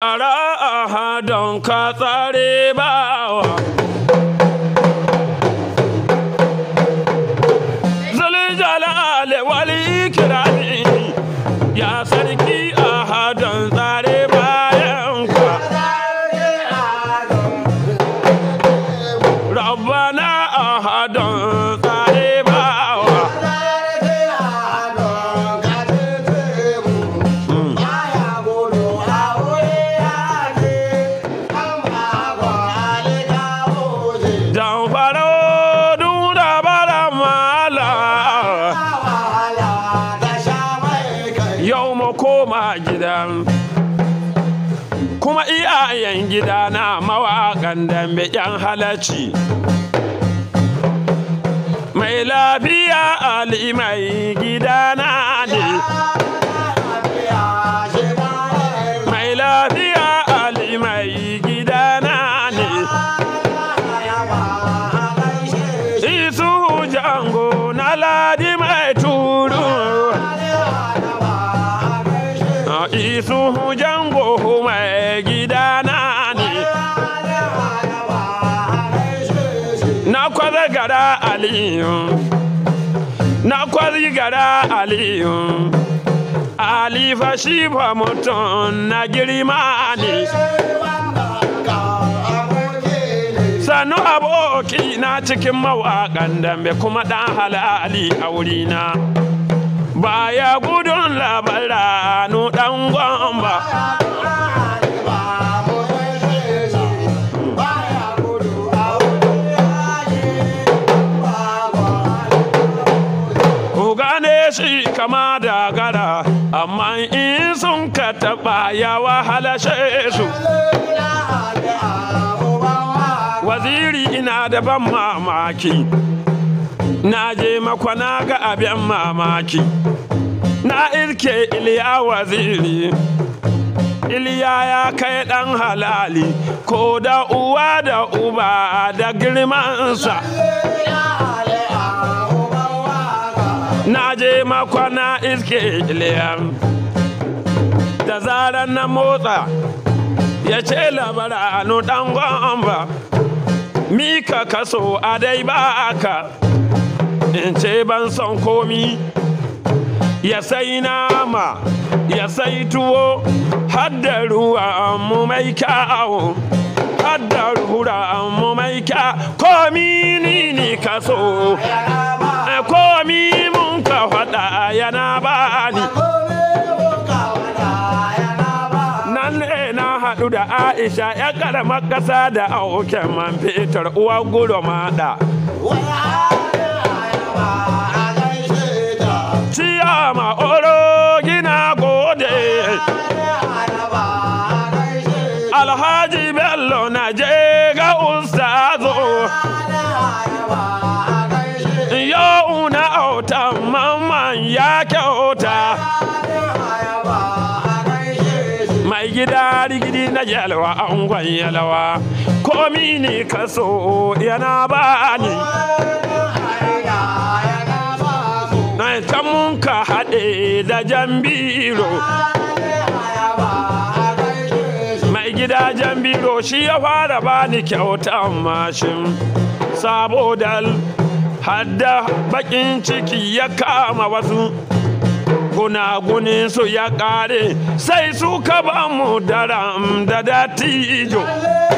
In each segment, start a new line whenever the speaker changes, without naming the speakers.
Ara don ka tsare bawa. Zuljalal wali kirami ya sarki a don tsare bayan ka. Rabbana a don a kuma iyayen gidana mawaƙan dambe yan halacci mai lafiya ali mai gidana ne Suhu jango mai gidana ne na kwada gara aliyu na kwada gara aliyu Ali ba mutum na girma ne sannu aboki na cikin mawaƙan dambe kuma ɗan halali a wurina. baya gudun labara nu dan gwamba. kama da gara amma in sun ka taɓa ya wahala su waziri ina da ban mamaki na je makwana ga abin mamaki na irke iliya waziri iliya ya kai ɗan halali ko da uwa da uba da girmansa na je makwana irke iliya da zarar na motsa ya ce labaranu ɗan gwamba mika kaso a dai ba aka in ce ban son komi ya sai nama ya sai tuwo hadda ruwa mu mai kyawo hadda ruwa mu mai kyawo komi ni ni kaso komi mun ka faɗa yana ba nan ne na haɗu da aisha ya ƙaramar ƙasa da auken man fetur uwa gudu maɗa bello na je ga ustazo una na auta mamman ya kyauta mai gida rigidi na yalwa angon yalwa komi ne kaso yana bani na ta mun ka haɗe da jambiro gidajen biro shi ya fara bani kyautan mashin sabodal hadda bakin ciki ya kama wasu gunagunin su ya kare sai suka ba mu daram da datijo.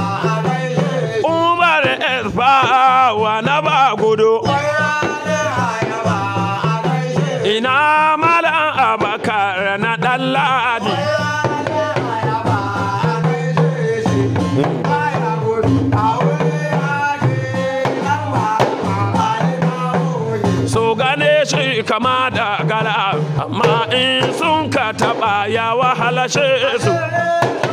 amma in sun ka taɓa ya wahalashe su